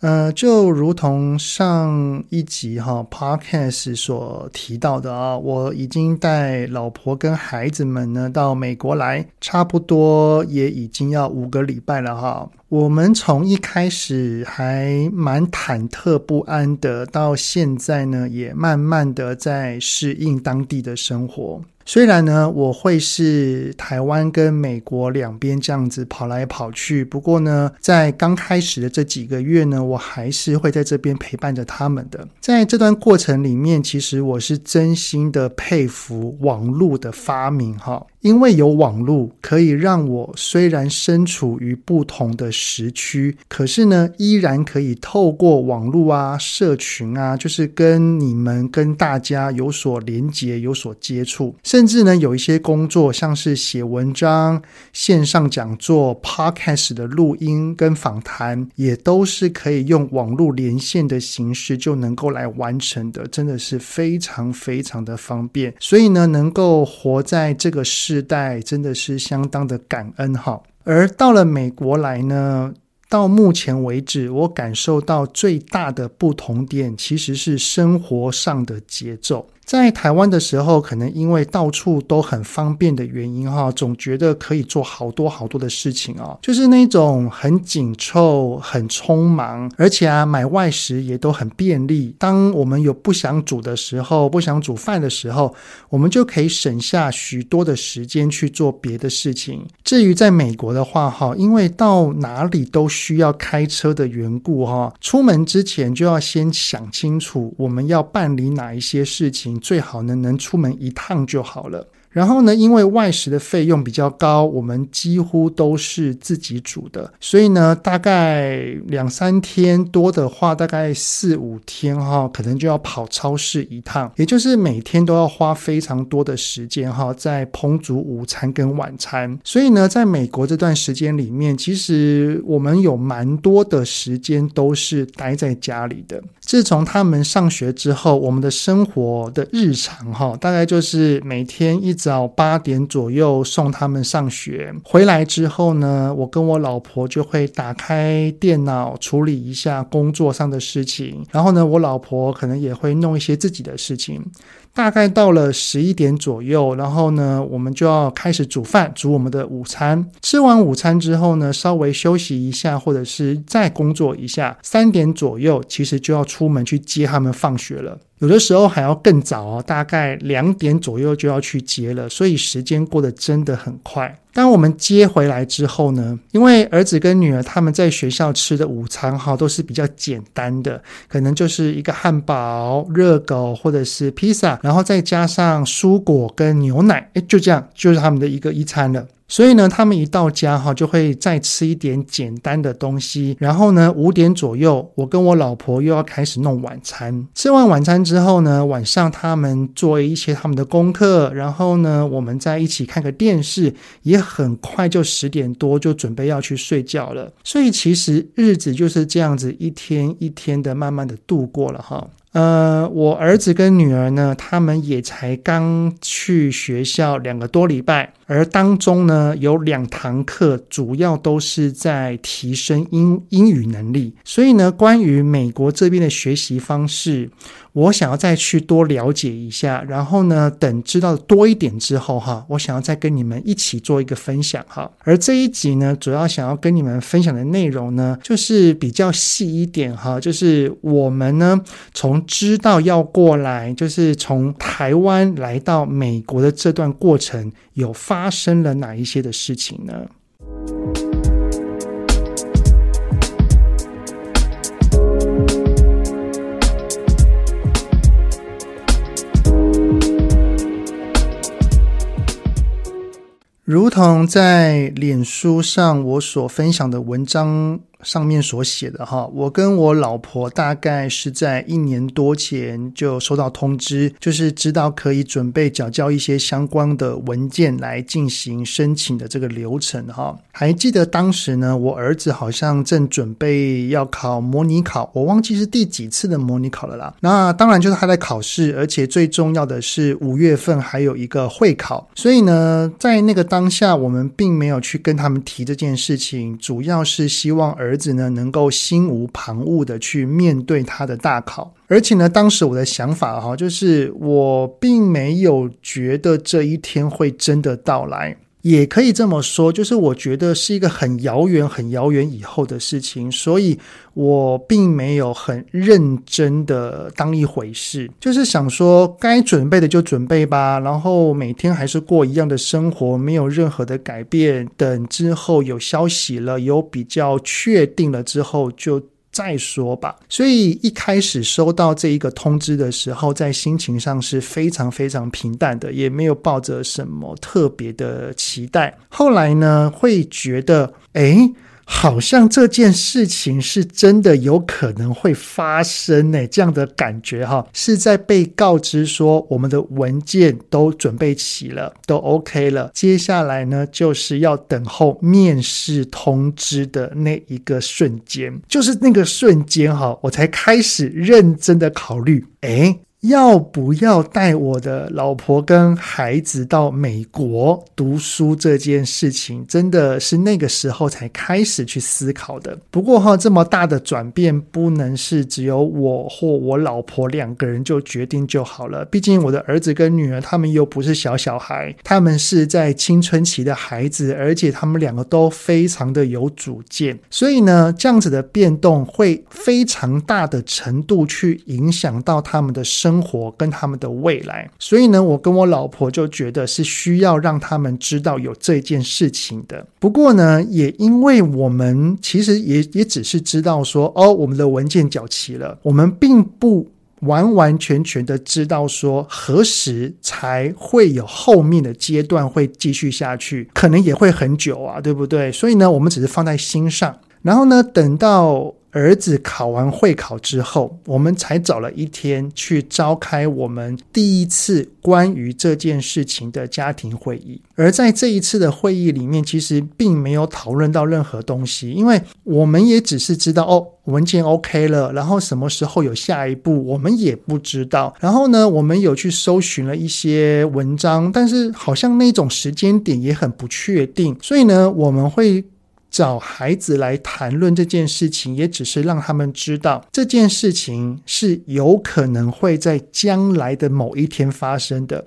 嗯、呃，就如同上一集哈、哦、podcast 所提到的啊、哦，我已經帶老婆跟孩子們呢到美國來，差不多也已經要五個禮拜了哈。我們從一開始還蠻忐忑不安的，到現在呢，也慢慢的在適應當地的生活。雖然呢，我會是台灣跟美國兩邊這樣子跑來跑去，不過呢，在剛開始的這幾個月呢，我還是會在這邊陪伴着他們的。在這段過程裡面，其實我是真心的佩服網絡的發明哈。因為有網絡，可以讓我雖然身處於不同的時區，可是呢，依然可以透過網絡啊、社群啊，就是跟你們、跟大家有所連結、有所接觸。甚至呢，有一些工作，像是寫文章、線上講座、Podcast 的錄音跟訪談，也都是可以用網絡連線的形式就能夠來完成的，真的是非常非常的方便。所以呢，能夠活在這個世時代真的是相當的感恩哈，而到了美國來呢，到目前為止，我感受到最大的不同點，其實是生活上的節奏。在台灣的時候，可能因為到處都很方便的原因哈，總覺得可以做好多好多的事情哦，就是那種很緊湊、很匆忙，而且啊，買外食也都很便利。當我們有不想煮的時候，不想煮飯的時候，我們就可以省下許多的時間去做別的事情。至於在美國的話哈，因為到哪裡都需要開車的緣故哈，出門之前就要先想清楚我們要辦理哪一些事情。最好呢，能出門一趟就好了。然後呢，因為外食的費用比較高，我們幾乎都是自己煮的，所以呢，大概兩三天多的話，大概四五天哈，可能就要跑超市一趟，也就是每天都要花非常多的時間哈，在烹煮午餐跟晚餐。所以呢，在美國這段時間裡面，其實我們有蠻多的時間都是待在家裡的。自從他們上學之後，我們的生活的日常哈，大概就是每天一早八點左右送他們上學，回來之後呢，我跟我老婆就會打開電腦處理一下工作上的事情，然後呢，我老婆可能也會弄一些自己的事情。大概到了十一點左右，然後呢，我們就要開始煮飯，煮我們的午餐。吃完午餐之後呢，稍微休息一下，或者是再工作一下。三點左右，其實就要出門去接他們放學了。有的時候還要更早，大概兩點左右就要去接了，所以時間過得真的很快。當我們接回來之後呢，因為兒子跟女兒他們在學校吃的午餐哈，都是比較簡單的，可能就是一個漢堡、熱狗或者是披薩，然後再加上蔬果跟牛奶，哎，就這樣，就是他們的一個一餐了。所以呢，他們一到家哈，就會再吃一點簡單的東西。然後呢，五點左右，我跟我老婆又要開始弄晚餐。吃完晚餐之後呢，晚上他們做一些他們的功課，然後呢，我們再一起看個電視，也很快就十點多就準備要去睡覺了。所以其實日子就是這樣子，一天一天的慢慢的度過了哈。呃，我兒子跟女兒呢，他們也才剛去學校兩個多禮拜。而當中呢，有兩堂課主要都是在提升英英語能力，所以呢，關於美國這邊的學習方式，我想要再去多了解一下，然後呢，等知道的多一點之後哈，我想要再跟你們一起做一個分享哈。而這一集呢，主要想要跟你們分享的內容呢，就是比較細一點哈，就是我們呢，從知道要過來，就是從台灣來到美國的這段過程有發。發生了哪一些的事情呢？如同在臉書上我所分享的文章。上面所寫的哈，我跟我老婆大概是在一年多前就收到通知，就是知道可以準備繳交一些相關的文件來進行申請的這個流程哈。還記得當時呢，我兒子好像正準備要考模擬考，我忘記是第幾次的模擬考了啦。那當然就是他在考試，而且最重要的是五月份還有一個會考，所以呢，在那個當下，我們並沒有去跟他們提這件事情，主要是希望兒。兒子呢，能夠心無旁騖的去面對他的大考，而且呢，當時我的想法哈，就是我並沒有覺得這一天會真的到來。也可以這麼說，就是我覺得是一個很遙遠、很遙遠以後的事情，所以我並沒有很認真的當一回事，就是想說該準備的就準備吧，然後每天還是過一樣的生活，沒有任何的改變。等之後有消息了，有比較確定了之後就。再說吧。所以一開始收到這一個通知的時候，在心情上是非常非常平淡的，也沒有抱着什麼特別的期待。後來呢，會覺得，誒。好像這件事情是真的有可能會發生誒，這樣的感覺哈，是在被告知說我們的文件都準備齊了，都 OK 了，接下來呢，就是要等候面試通知的那一個瞬間，就是那個瞬間哈，我才開始認真的考慮，哎。要不要帶我的老婆跟孩子到美國讀書這件事情，真的是那個時候才開始去思考的。不過哈，這麼大的轉變，不能是只有我或我老婆兩個人就決定就好了。畢竟我的兒子跟女兒他們又不是小小孩，他們是在青春期的孩子，而且他們兩個都非常的有主見。所以呢，這樣子的變動會非常大的程度去影響到他們的生。生活跟他們的未來，所以呢，我跟我老婆就覺得是需要讓他們知道有這件事情的。不過呢，也因為我們其實也也只是知道說，哦，我們的文件繳齊了，我們並不完完全全的知道說何時才會有後面的階段會繼續下去，可能也會很久啊，對不對？所以呢，我們只是放在心上，然後呢，等到。兒子考完會考之後，我們才找了一天去召開我們第一次關於這件事情的家庭會議。而在這一次的會議裡面，其實並沒有討論到任何東西，因為我們也只是知道哦，文件 OK 了，然後什麼時候有下一步，我們也不知道。然後呢，我們有去搜尋了一些文章，但是好像那種時間點也很不確定，所以呢，我們會。找孩子來談論這件事情，也只是讓他們知道這件事情是有可能會在將來的某一天發生的。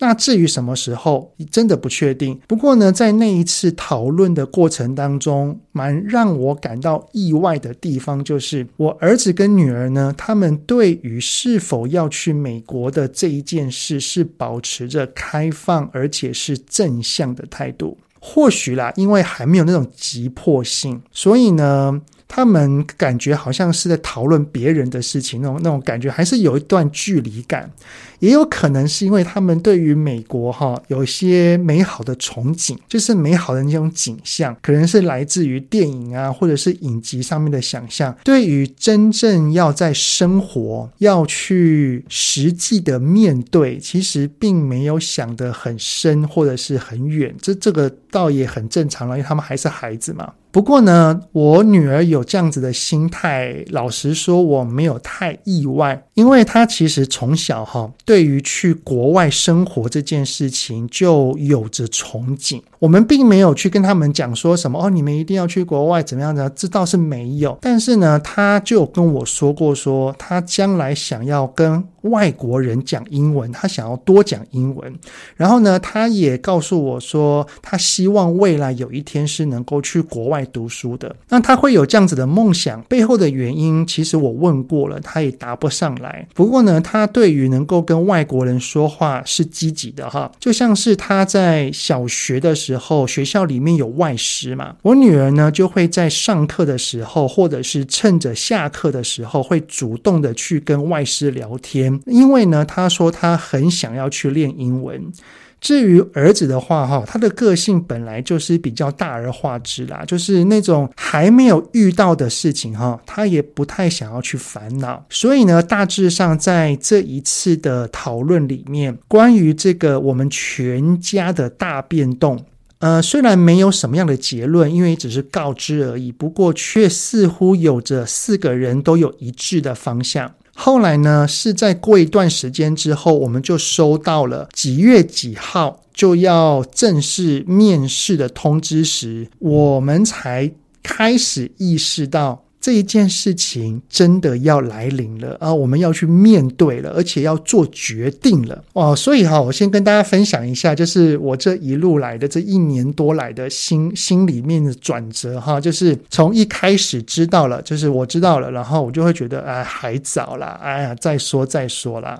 那至於什麼時候，真的不確定。不過呢，在那一次討論的過程當中，蠻讓我感到意外的地方，就是我兒子跟女兒呢，他們對於是否要去美國的這一件事，是保持着開放而且是正向的態度。或許啦，因為還沒有那種急迫性，所以呢，他們感覺好像是在討論別人的事情，那種那種感覺還是有一段距離感。也有可能是因為他們對於美國哈有些美好的憧憬，就是美好的那種景象，可能是來自於電影啊，或者是影集上面的想象。對於真正要在生活要去實際的面對，其實並沒有想得很深或者是很遠。這這個倒也很正常了，因為他們還是孩子嘛。不過呢，我女兒有這樣子的心態，老實說我沒有太意外，因為她其實從小哈對於去國外生活這件事情就有着憧憬。我們並沒有去跟他們講說什麼哦，你們一定要去國外怎麼樣的，這倒是沒有。但是呢，她就有跟我說過說，說她將來想要跟。外國人講英文，他想要多講英文。然後呢，他也告訴我說，他希望未來有一天是能夠去國外讀書的。那他會有這樣子的夢想，背後的原因，其實我問過了，他也答不上來。不過呢，他對於能夠跟外國人說話是積極的哈，就像是他在小學的時候，學校裡面有外師嘛，我女兒呢就會在上課的時候，或者是趁着下課的時候，會主動的去跟外師聊天。因為呢，他說他很想要去練英文。至於兒子的話，哈，他的個性本來就是比較大而化之啦，就是那種還沒有遇到的事情，哈，他也不太想要去煩惱。所以呢，大致上在這一次的討論裡面，關於這個我們全家的大變動，呃，雖然沒有什麼樣的結論，因為只是告知而已，不過卻似乎有着四個人都有一致的方向。後來呢，是在過一段時間之後，我們就收到了幾月幾號就要正式面試的通知時，我們才開始意識到。這一件事情真的要來臨了啊！我們要去面對了，而且要做決定了哦。所以哈，哦，我先跟大家分享一下，就是我這一路來的這一年多來的心心裡面的轉折哈，就是從一開始知道了，就是我知道了，然後我就會覺得哎，還早啦，哎呀，再說再說啦。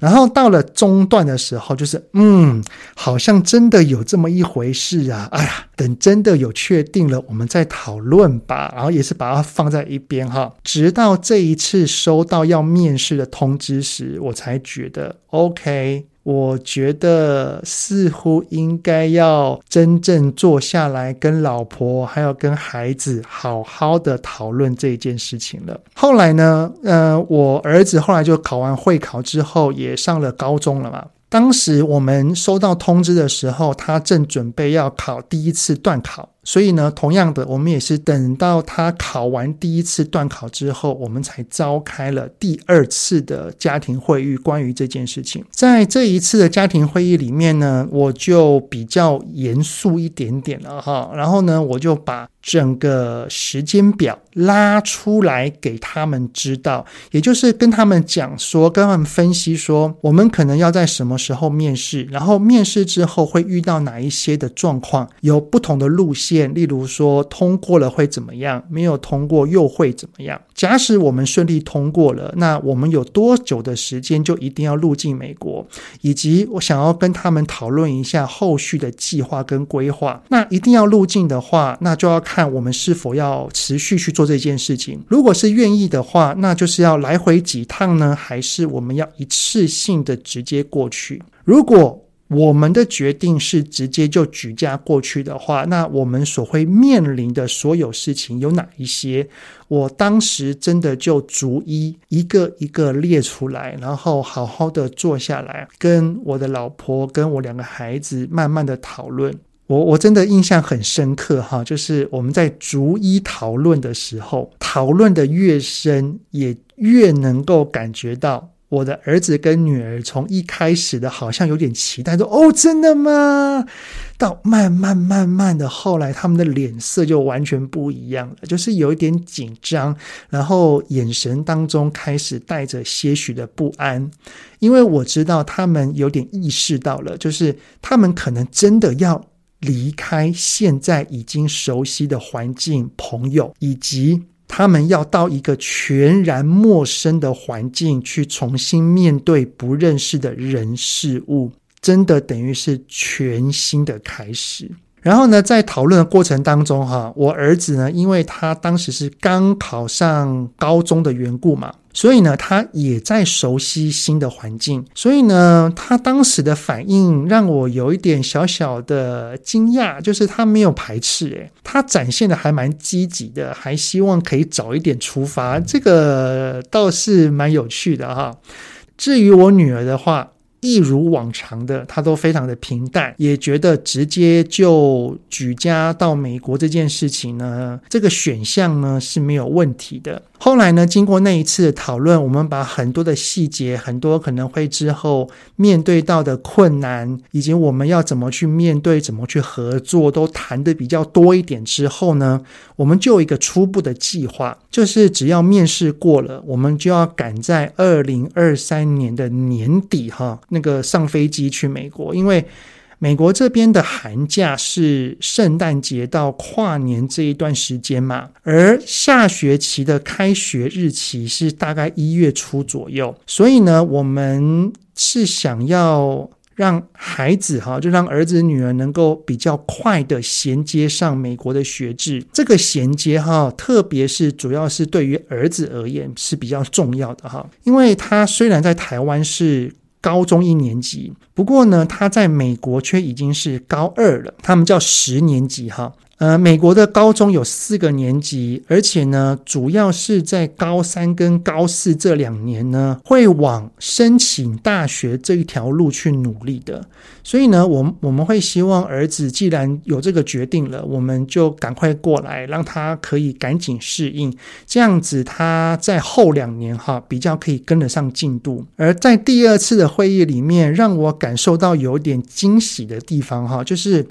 然後到了中段的時候，就是嗯，好像真的有這麼一回事啊，哎呀，等真的有確定了，我們再討論吧。然後也是把它放在一邊哈，直到這一次收到要面試的通知時，我才覺得 OK。我覺得似乎應該要真正坐下來，跟老婆還有跟孩子好好的討論這一件事情了。後來呢，呃，我兒子後來就考完會考之後，也上了高中了嘛。當時我們收到通知的時候，他正準備要考第一次段考。所以呢，同樣的，我們也是等到他考完第一次段考之後，我們才召開了第二次的家庭會議，關於這件事情。在這一次的家庭會議裡面呢，我就比較嚴肅一點點了哈。然後呢，我就把整個時間表拉出來給他們知道，也就是跟他們講說，跟他們分析說，我們可能要在什麼時候面試，然後面試之後會遇到哪一些的狀況，有不同的路線。例如說，通過了會怎麼樣？沒有通過又會怎麼樣？假使我們順利通過了，那我們有多久的時間就一定要入境美國？以及我想要跟他們討論一下後續的計劃跟規劃。那一定要入境的話，那就要看我們是否要持續去做這件事情。如果是願意的話，那就是要來回幾趟呢？還是我們要一次性的直接過去？如果我們的決定是直接就舉家過去的話，那我們所會面臨的所有事情有哪一些？我當時真的就逐一一個一個列出來，然後好好的坐下來，跟我的老婆跟我兩個孩子慢慢的討論。我我真的印象很深刻哈，就是我們在逐一討論的時候，討論的越深，也越能夠感覺到。我的兒子跟女兒從一開始的好像有點期待，說：“哦，真的嗎？”到慢慢慢慢的，後來他們的臉色就完全不一樣了，就是有一點緊張，然後眼神當中開始帶着些許的不安，因為我知道他們有點意識到了，就是他們可能真的要離開現在已經熟悉的環境、朋友以及……他們要到一個全然陌生的環境去重新面對不認識的人事物，真的等於是全新的開始。然後呢，在討論的過程當中，哈，我兒子呢，因為他當時是剛考上高中的緣故嘛。所以呢，他也在熟悉新的環境。所以呢，他當時的反應讓我有一點小小的驚訝，就是他沒有排斥、欸，誒，他展現的還蠻積極的，還希望可以早一點出發，這個倒是蠻有趣的哈。至於我女兒的話，一如往常的，她都非常的平淡，也覺得直接就舉家到美國這件事情呢，這個選項呢是沒有問題的。後來呢，經過那一次討論，我們把很多的細節、很多可能會之後面對到的困難，以及我們要怎麼去面對、怎麼去合作，都談得比較多一點之後呢，我們就有一個初步的計劃，就是只要面試過了，我們就要趕在二零二三年的年底哈，那個上飛機去美國，因為。美國這邊的寒假是聖誕節到跨年這一段時間嘛，而下學期的開學日期是大概一月初左右。所以呢，我們是想要讓孩子哈，就讓兒子、女兒能夠比較快的銜接上美國的學制。這個銜接哈，特別是主要是對於兒子而言，是比較重要的哈，因為他雖然在台灣是。高中一年級，不過呢，他在美國卻已經是高二了，他們叫十年級哈。呃，美國的高中有四個年級，而且呢，主要是在高三跟高四這兩年呢，會往申請大學這一條路去努力的。所以呢，我我們會希望兒子既然有這個決定了，我們就趕快過來，讓他可以趕緊適應。這樣子他在後兩年哈比較可以跟得上進度。而在第二次的會議裡面，讓我感受到有點驚喜的地方哈，就是。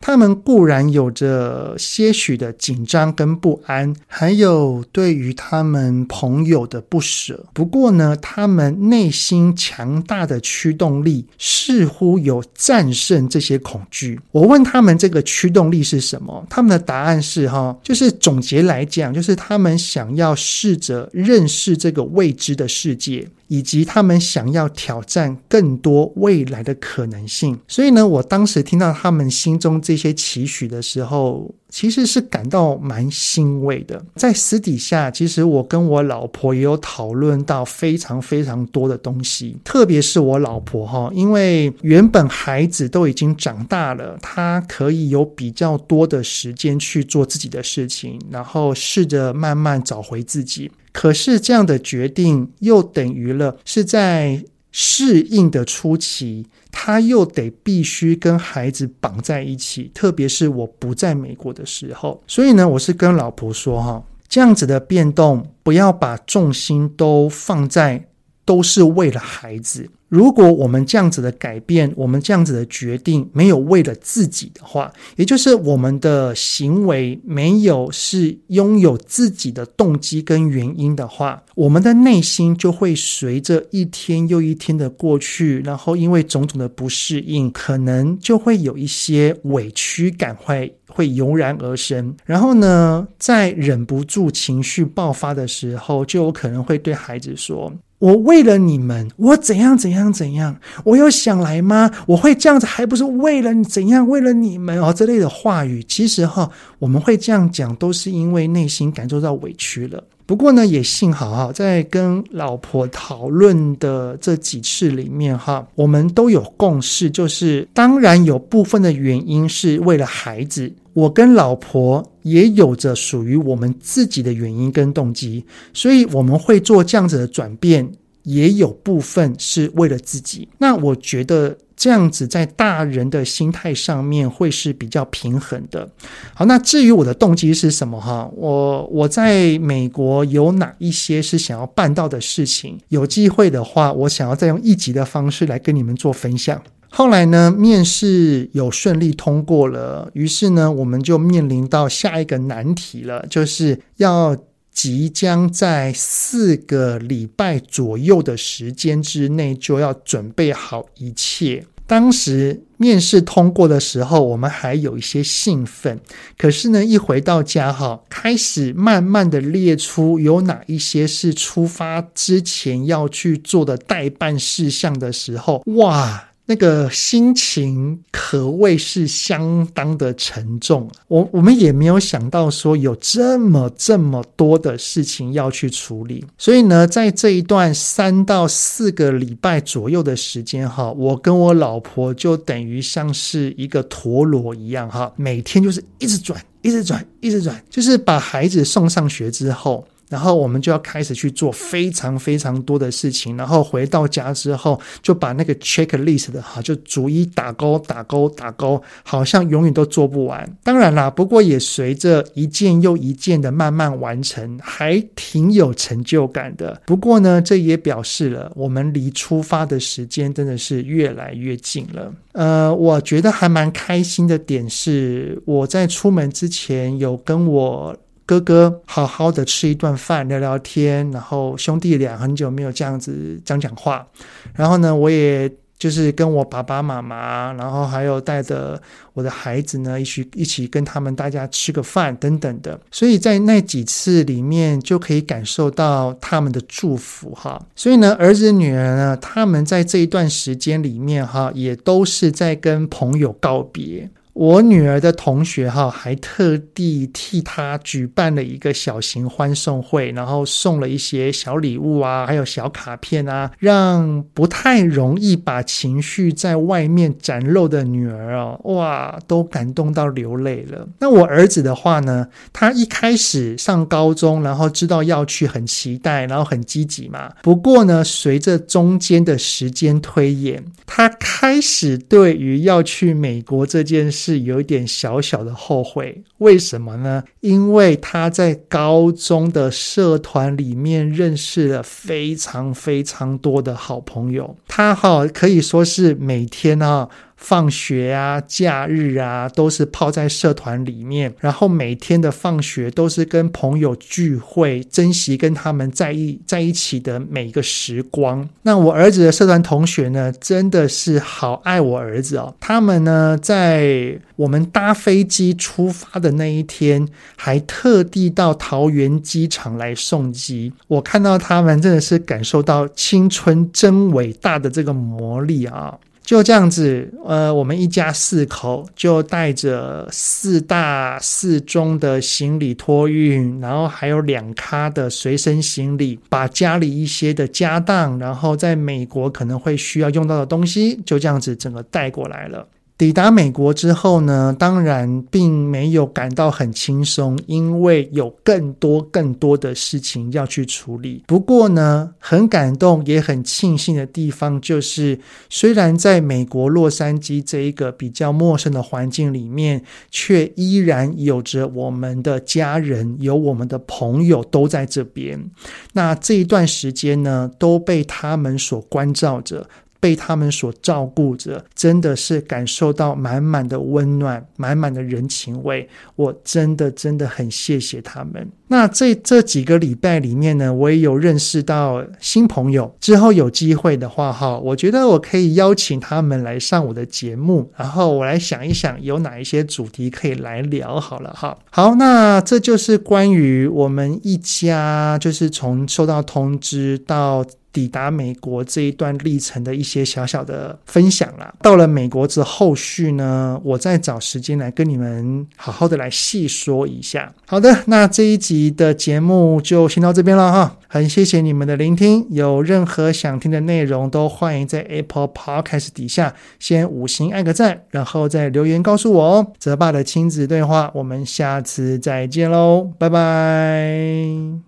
他們固然有着些許的緊張跟不安，還有對於他們朋友的不捨。不過呢，他們內心強大的驅動力似乎有戰勝這些恐懼。我問他們這個驅動力是什麼？他們的答案是：哈，就是總結來講，就是他們想要試着認識這個未知的世界。以及他們想要挑戰更多未來的可能性，所以呢，我當時聽到他們心中這些期許的時候，其實是感到蠻欣慰的。在私底下，其實我跟我老婆也有討論到非常非常多的東西，特別是我老婆哈，因為原本孩子都已經長大了，她可以有比較多的時間去做自己的事情，然後試着慢慢找回自己。可是這樣的決定又等於了，是在適應的初期，他又得必須跟孩子綁在一起，特別是我不在美國的時候。所以呢，我是跟老婆說，哈，這樣子的變動，不要把重心都放在。都是為了孩子。如果我們這樣子的改變，我們這樣子的決定，沒有為了自己的話，也就是我們的行為沒有是擁有自己的動機跟原因的話，我們的內心就會隨着一天又一天的過去，然後因為種種的不適應，可能就會有一些委屈感，會會油然而生。然後呢，在忍不住情緒爆發的時候，就有可能會對孩子說，我為了你們，我怎樣怎樣怎樣，我有想來嗎？我會這樣子，還不是為了你怎樣？為了你們哦，這類的話語，其實哈，我們會這樣講，都是因為內心感受到委屈了。不過呢，也幸好哈，在跟老婆討論的這幾次裡面哈，我們都有共識，就是當然有部分的原因是為了孩子。我跟老婆也有着屬於我們自己的原因跟動機，所以我們會做這樣子的轉變，也有部分是為了自己。那我覺得這樣子在大人的心態上面會是比較平衡的。好，那至於我的動機是什麼？哈，我我在美國有哪一些是想要辦到的事情？有機會的話，我想要再用一集的方式來跟你們做分享。後來呢，面試有順利通過了，於是呢，我們就面臨到下一個難題了，就是要即將在四個禮拜左右的時間之內就要準備好一切。當時面試通過的時候，我們還有一些興奮，可是呢，一回到家哈，開始慢慢的列出有哪一些是出發之前要去做的代辦事項的時候，哇！那個心情可謂是相當的沉重，我我們也沒有想到說有這麼這麼多的事情要去處理，所以呢，在這一段三到四個禮拜左右的時間哈，我跟我老婆就等於像是一個陀螺一樣哈，每天就是一直轉，一直轉，一直轉，就是把孩子送上學之後。然後我們就要開始去做非常非常多的事情，然後回到家之後就把那個 checklist 的哈就逐一打勾打勾打勾，好像永遠都做不完。當然啦，不過也隨着一件又一件的慢慢完成，還挺有成就感的。不過呢，這也表示了我們離出發的時間真的是越來越近了。呃，我覺得還蠻開心的點是，我在出門之前有跟我。哥哥好好的吃一頓飯，聊聊天，然後兄弟倆很久沒有這樣子講講話。然後呢，我也就是跟我爸爸媽媽，然後還有帶着我的孩子呢，一起一起跟他們大家吃個飯等等的。所以在那幾次裡面，就可以感受到他們的祝福哈。所以呢，兒子、女兒呢，他們在這一段時間裡面哈，也都是在跟朋友告別。我女兒的同學哈、哦，還特地替她舉辦了一個小型歡送會，然後送了一些小禮物啊，還有小卡片啊，讓不太容易把情緒在外面展露的女兒哦，哇，都感動到流淚了。那我兒子的話呢，他一開始上高中，然後知道要去，很期待，然後很積極嘛。不過呢，隨着中間的時間推演，他開始對於要去美國這件事。是有一點小小的後悔，為什麼呢？因為他在高中的社團裡面認識了非常非常多的好朋友，他哈可以說是每天啊。放學啊，假日啊，都是泡在社團裡面，然後每天的放學都是跟朋友聚會，珍惜跟他們在一在一起的每一個時光。那我兒子的社團同學呢，真的是好愛我兒子哦。他們呢，在我們搭飛機出發的那一天，還特地到桃園機場來送機。我看到他們真的是感受到青春真偉大的這個魔力啊！就這樣子，呃，我們一家四口就帶着四大四中的行李托運，然後還有兩咖的隨身行李，把家裡一些的家當，然後在美國可能會需要用到的東西，就這樣子整個帶過來了。抵達美國之後呢，當然並沒有感到很輕鬆，因為有更多更多的事情要去處理。不過呢，很感動也很慶幸的地方就是，雖然在美國洛杉磯這一個比較陌生的環境裡面，卻依然有着我們的家人、有我們的朋友都在這邊。那這一段時間呢，都被他們所關照着。被他們所照顧着，真的是感受到滿滿的溫暖，滿滿的人情味，我真的真的很謝謝他們。那這這幾個禮拜裡面呢，我也有認識到新朋友。之後有機會的話，哈，我覺得我可以邀請他們來上我的節目。然後我來想一想，有哪一些主題可以來聊好了哈。好，那這就是關於我們一家，就是從收到通知到，抵達美國這一段歷程的一些小小的分享啦。到了美國之後續呢，我再找時間來跟你們好好的來細說一下。好的，那這一集的節目就先到這邊了哈。很謝謝你們的聆聽，有任何想聽的內容都歡迎在 Apple Podcast 底下先五星按個讚，然後再留言告訴我哦。澤爸的親子對話，我們下次再見嘍，拜拜。